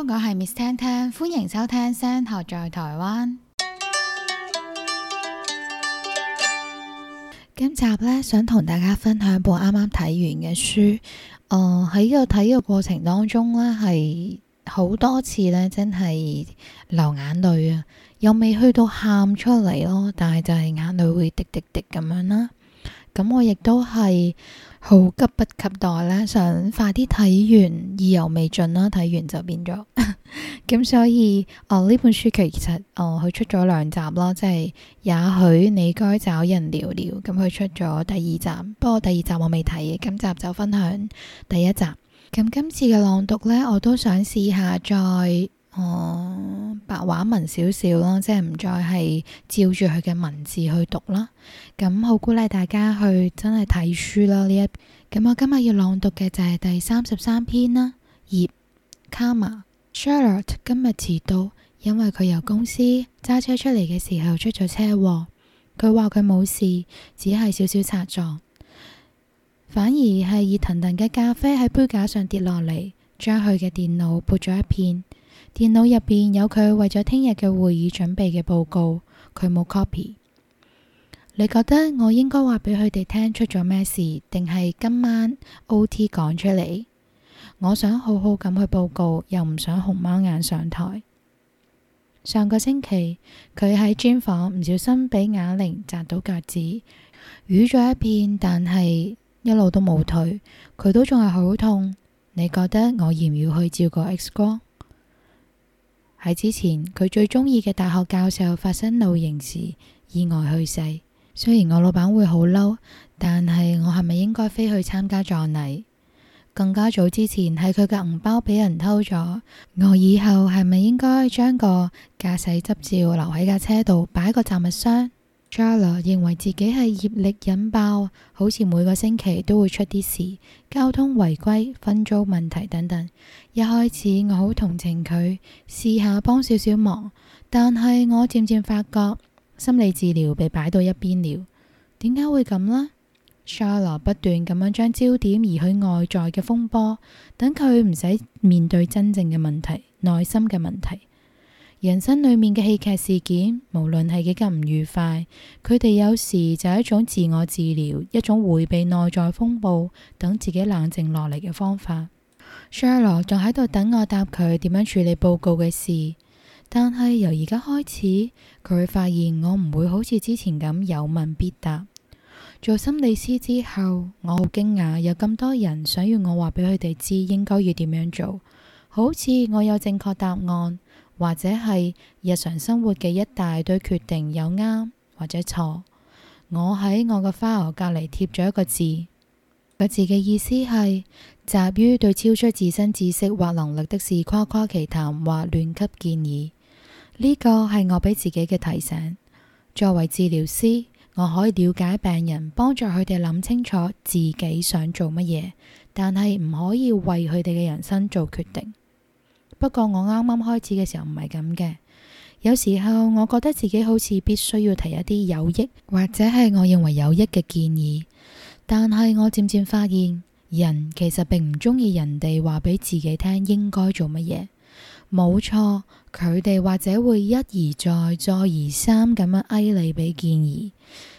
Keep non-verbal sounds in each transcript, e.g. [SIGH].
我係 Miss 婷婷，歡迎收聽《聲學在台灣》。今集呢，想同大家分享一部啱啱睇完嘅書。誒，喺呢個睇嘅過程當中呢，係好多次呢，真係流眼淚啊！又未去到喊出嚟咯，但係就係眼淚會滴滴滴咁樣啦。咁我亦都係。好急不及待啦，想快啲睇完，意猶未盡啦，睇完就變咗。咁 [LAUGHS] 所以，我、哦、呢本書其實，哦，佢出咗兩集咯，即係，也許你該找人聊聊。咁佢出咗第二集，不過第二集我未睇嘅，今集就分享第一集。咁今次嘅朗讀咧，我都想試下再。我、哦、白話文少少咯，即係唔再係照住佢嘅文字去讀啦。咁好鼓勵大家去真係睇書啦。呢一咁我今日要朗讀嘅就係第三十三篇啦。葉卡瑪，Charlotte 今日遲到，因為佢由公司揸車出嚟嘅時候出咗車禍。佢話佢冇事，只係少少擦撞。反而係熱騰騰嘅咖啡喺杯架上跌落嚟，將佢嘅電腦潑咗一片。電腦入邊有佢為咗聽日嘅會議準備嘅報告，佢冇 copy。你覺得我應該話俾佢哋聽出咗咩事，定係今晚 OT 講出嚟？我想好好咁去報告，又唔想熊貓眼上台。上個星期佢喺 gym 房唔小心畀啞鈴砸到腳趾，瘀咗一片，但係一路都冇退，佢都仲係好痛。你覺得我要唔要去照個 X 光？喺之前，佢最鍾意嘅大學教授發生露營時意外去世。雖然我老闆會好嬲，但係我係咪應該飛去參加葬禮？更加早之前，喺佢嘅銀包俾人偷咗，我以後係咪應該將個駕駛執照留喺架車度，擺個雜物箱？Charles 認為自己係業力引爆，好似每個星期都會出啲事，交通違規、分租問題等等。一開始我好同情佢，試下幫少少忙，但係我漸漸發覺，心理治療被擺到一邊了。點解會咁呢？Charles 不斷咁樣將焦點移去外在嘅風波，等佢唔使面對真正嘅問題，內心嘅問題。人生裏面嘅戲劇事件，無論係幾咁唔愉快，佢哋有時就係一種自我治療，一種回避內在風暴，等自己冷靜落嚟嘅方法。Shirlo 仲喺度等我答佢點樣處理報告嘅事，但係由而家開始，佢會發現我唔會好似之前咁有問必答。做心理師之後，我好驚訝有咁多人想要我話俾佢哋知應該要點樣做，好似我有正確答案。或者係日常生活嘅一大堆決定有啱或者錯，我喺我嘅花盒隔離貼咗一個字，個字嘅意思係集於對超出自身知識或能力的事誇誇其談或亂給建議。呢個係我畀自己嘅提醒。作為治療師，我可以了解病人，幫助佢哋諗清楚自己想做乜嘢，但係唔可以為佢哋嘅人生做決定。不過我啱啱開始嘅時候唔係咁嘅，有時候我覺得自己好似必須要提一啲有益或者係我認為有益嘅建議，但係我漸漸發現，人其實並唔中意人哋話俾自己聽應該做乜嘢。冇錯，佢哋或者會一而再，再而三咁樣哀你俾建議，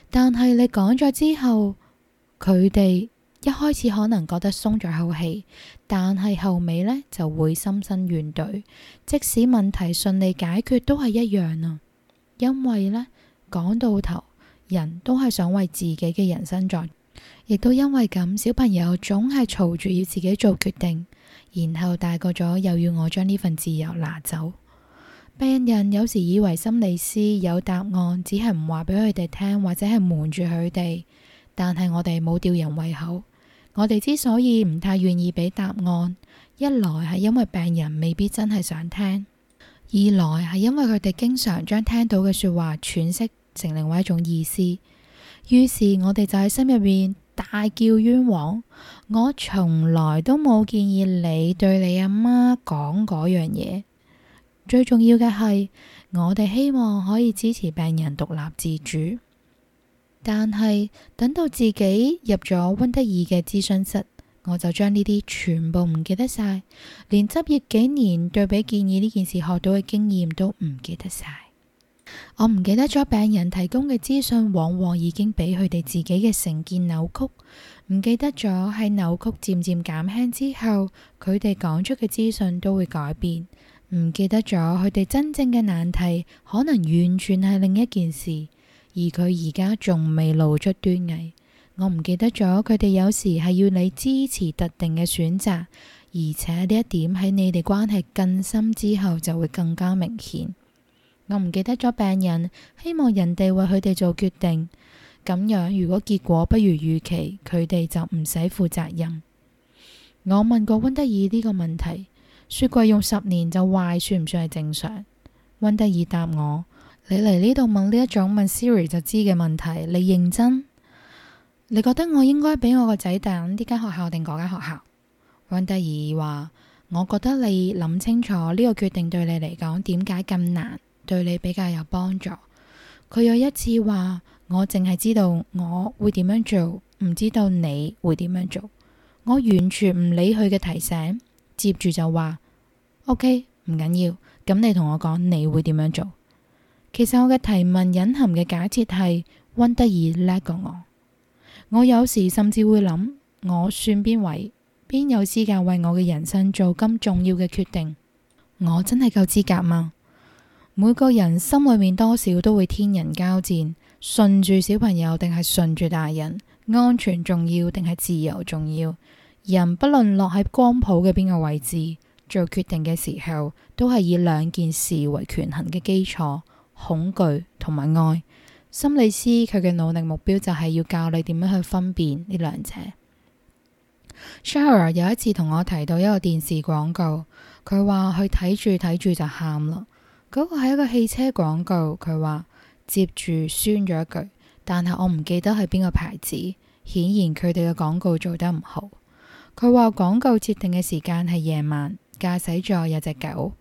但係你講咗之後，佢哋。一開始可能覺得鬆咗口氣，但係後尾呢就會心生怨懟。即使問題順利解決都係一樣啊，因為呢講到頭，人都係想為自己嘅人生做。亦都因為咁，小朋友總係嘈住要自己做決定，然後大個咗又要我將呢份自由拿走。病人有時以為心理師有答案，只係唔話俾佢哋聽，或者係瞞住佢哋，但係我哋冇吊人胃口。我哋之所以唔太願意俾答案，一來係因為病人未必真係想聽，二來係因為佢哋經常將聽到嘅說話詮釋成另外一種意思。於是我哋就喺心入面大叫冤枉！我從來都冇建議你對你阿媽講嗰樣嘢。最重要嘅係，我哋希望可以支持病人獨立自主。但係等到自己入咗溫德爾嘅諮詢室，我就將呢啲全部唔記得晒，連執業幾年對比建議呢件事學到嘅經驗都唔記得晒。我唔記得咗病人提供嘅資訊，往往已經俾佢哋自己嘅成見扭曲。唔記得咗喺扭曲漸漸減輕之後，佢哋講出嘅資訊都會改變。唔記得咗佢哋真正嘅難題，可能完全係另一件事。而佢而家仲未露出端倪，我唔記得咗佢哋有時係要你支持特定嘅選擇，而且呢一點喺你哋關係更深之後就會更加明顯。我唔記得咗病人希望人哋為佢哋做決定，咁樣如果結果不如預期，佢哋就唔使負責任。我問過溫德爾呢個問題，雪櫃用十年就壞算唔算係正常？溫德爾答我。你嚟呢度問呢一種問 Siri 就知嘅問題，你認真？你覺得我應該俾我個仔揀呢間學校定嗰間學校？溫德爾話：我覺得你諗清楚呢個決定對你嚟講點解咁難，對你比較有幫助。佢有一次話：我淨係知道我會點樣做，唔知道你會點樣做。我完全唔理佢嘅提醒，接住就話：OK 唔緊要，咁、okay, 你同我講你會點樣做？其實我嘅提問隱含嘅假設係溫德爾叻過我。我有時甚至會諗，我算邊位？邊有資格為我嘅人生做咁重要嘅決定？我真係夠資格嗎？每個人心裏面多少都會天人交戰，順住小朋友定係順住大人？安全重要定係自由重要？人不論落喺光譜嘅邊個位置，做決定嘅時候都係以兩件事為權衡嘅基礎。恐懼同埋愛，心理師佢嘅努力目標就係要教你點樣去分辨呢兩者。Shara 有一次同我提到一個電視廣告，佢話佢睇住睇住就喊啦。嗰、那個係一個汽車廣告，佢話接住酸咗一句，但係我唔記得係邊個牌子。顯然佢哋嘅廣告做得唔好。佢話廣告設定嘅時間係夜晚，駕駛座有隻狗。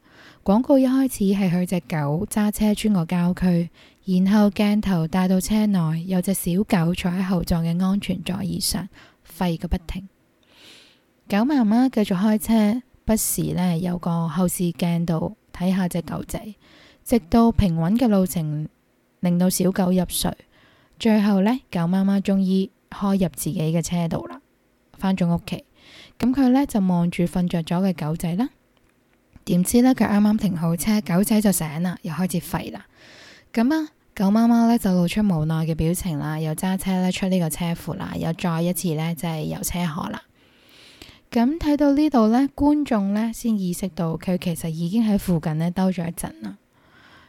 廣告一開始係佢隻狗揸車穿過郊區，然後鏡頭帶到車內，有隻小狗坐喺後座嘅安全座椅上，吠個不停。狗媽媽繼續開車，不時呢有個後視鏡度睇下隻狗仔，直到平穩嘅路程令到小狗入睡。最後呢，狗媽媽終於開入自己嘅車度啦，翻咗屋企。咁佢呢就望住瞓着咗嘅狗仔啦。點知呢，佢啱啱停好車，狗仔就醒啦，又開始吠啦。咁啊，狗媽媽呢，就露出無奈嘅表情啦，又揸車呢，出呢個車庫啦，又再一次呢，就係、是、遊車河啦。咁睇到呢度呢，觀眾呢，先意識到佢其實已經喺附近呢兜咗一陣啦。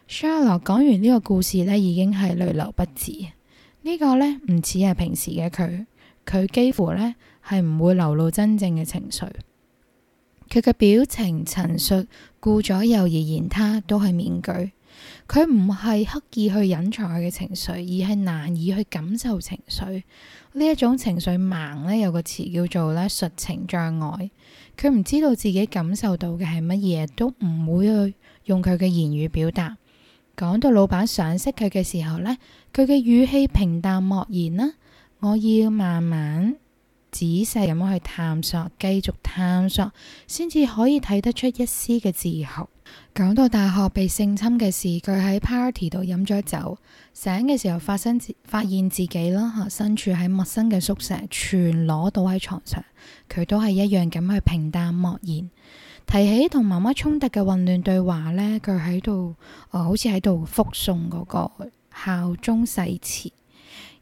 Sheryl 講完呢個故事呢，已經係淚流不止。呢、這個呢，唔似係平時嘅佢，佢幾乎呢，係唔會流露真正嘅情緒。佢嘅表情、陳述、顧左右而言他，他都係面具。佢唔係刻意去隱藏佢嘅情緒，而係難以去感受情緒。呢一種情緒盲咧，有個詞叫做咧述情障礙。佢唔知道自己感受到嘅係乜嘢，都唔會去用佢嘅言語表達。講到老闆賞識佢嘅時候咧，佢嘅語氣平淡漠然啦。我要慢慢，仔細咁樣去探索，繼續探索，先至可以睇得出一絲嘅自豪。講到大學被性侵嘅事，佢喺 party 度飲咗酒，醒嘅時候發生，發現自己啦，身處喺陌生嘅宿舍，全裸倒喺床上，佢都係一樣咁去平淡莫言。提起同媽媽衝突嘅混亂對話呢，佢喺度，哦，好似喺度複誦嗰個效忠誓詞。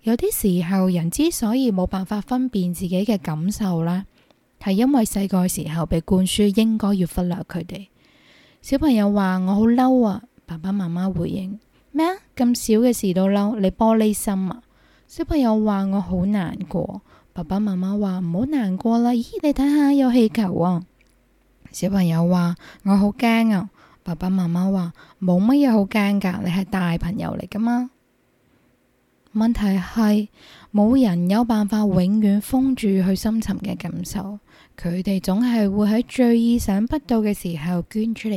有啲時候，人之所以冇辦法分辨自己嘅感受啦，係因為細個時候被灌輸應該要忽略佢哋。小朋友話我好嬲啊，爸爸媽媽回應咩啊？咁小嘅事都嬲，你玻璃心啊？小朋友話我好難過，爸爸媽媽話唔好難過啦。咦，你睇下有氣球啊？小朋友話我好驚啊，爸爸媽媽話冇乜嘢好驚㗎，你係大朋友嚟㗎嘛？問題係冇人有辦法永遠封住佢深沉嘅感受，佢哋總係會喺最意想不到嘅時候捐出嚟，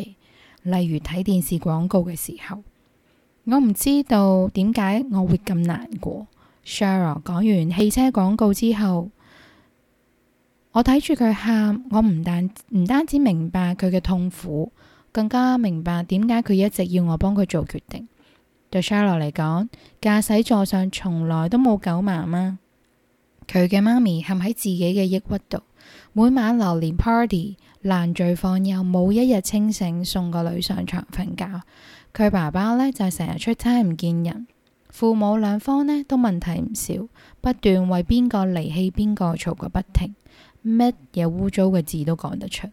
例如睇電視廣告嘅時候。我唔知道點解我會咁難過。Sheryl 講完汽車廣告之後，我睇住佢喊，我唔但唔單止明白佢嘅痛苦，更加明白點解佢一直要我幫佢做決定。對 Charlotte 嚟講，駕駛座上從來都冇狗媽媽。佢嘅媽咪陷喺自己嘅抑鬱度，每晚流連 party、爛醉放任，冇一日清醒，送個女上床瞓覺。佢爸爸呢就係成日出差唔見人，父母兩方呢都問題唔少，不斷為邊個離棄邊個嘈個不停，乜嘢污糟嘅字都講得出，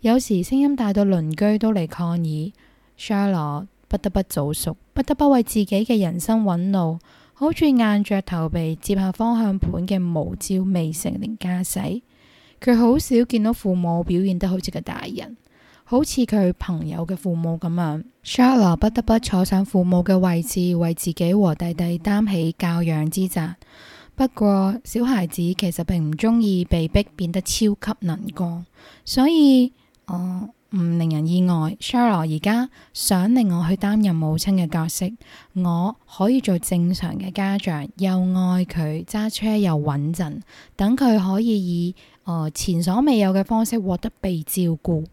有時聲音大到鄰居都嚟抗議。Charlotte，不得不早熟，不得不為自己嘅人生揾路，好似硬着頭皮接下方向盤嘅無照未成年駕駛。佢好少見到父母表現得好似個大人，好似佢朋友嘅父母咁樣。莎拉不得不坐上父母嘅位置，為自己和弟弟擔起教養之責。不過小孩子其實並唔鍾意被逼變得超級能幹，所以我。唔令人意外，Charlotte 而家想令我去擔任母親嘅角色，我可以做正常嘅家長，又愛佢揸車又穩陣，等佢可以以、呃、前所未有嘅方式獲得被照顧。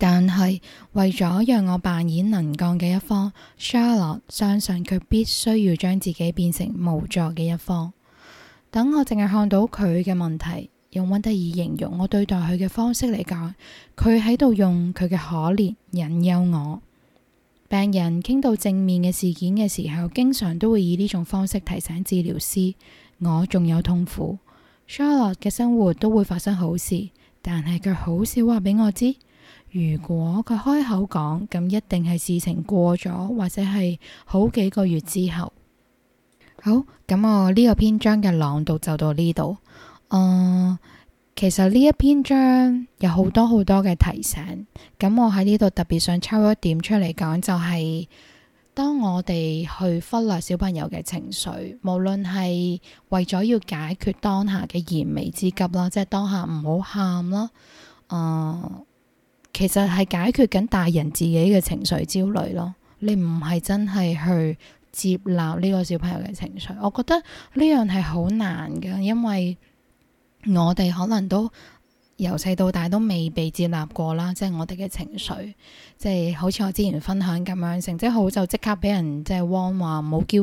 但係為咗讓我扮演能幹嘅一方，Charlotte 相信佢必須要將自己變成無助嘅一方，等我淨係看到佢嘅問題。用溫德爾形容我對待佢嘅方式嚟講，佢喺度用佢嘅可憐引誘我。病人傾到正面嘅事件嘅時候，經常都會以呢種方式提醒治療師，我仲有痛苦。Charlotte 嘅生活都會發生好事，但係佢好少話俾我知。如果佢開口講，咁一定係事情過咗，或者係好幾個月之後。好，咁我呢個篇章嘅朗讀就到呢度。誒、嗯，其實呢一篇章有好多好多嘅提醒，咁我喺呢度特別想抽一點出嚟講，就是，就係當我哋去忽略小朋友嘅情緒，無論係為咗要解決當下嘅燃眉之急咯，即係當下唔好喊咯，誒、嗯，其實係解決緊大人自己嘅情緒焦慮咯。你唔係真係去接納呢個小朋友嘅情緒，我覺得呢樣係好難㗎，因為。我哋可能都由細到大都未被接納過啦，即係我哋嘅情緒，即係好似我之前分享咁樣，成績好就即刻畀人即係汪話唔好嬌。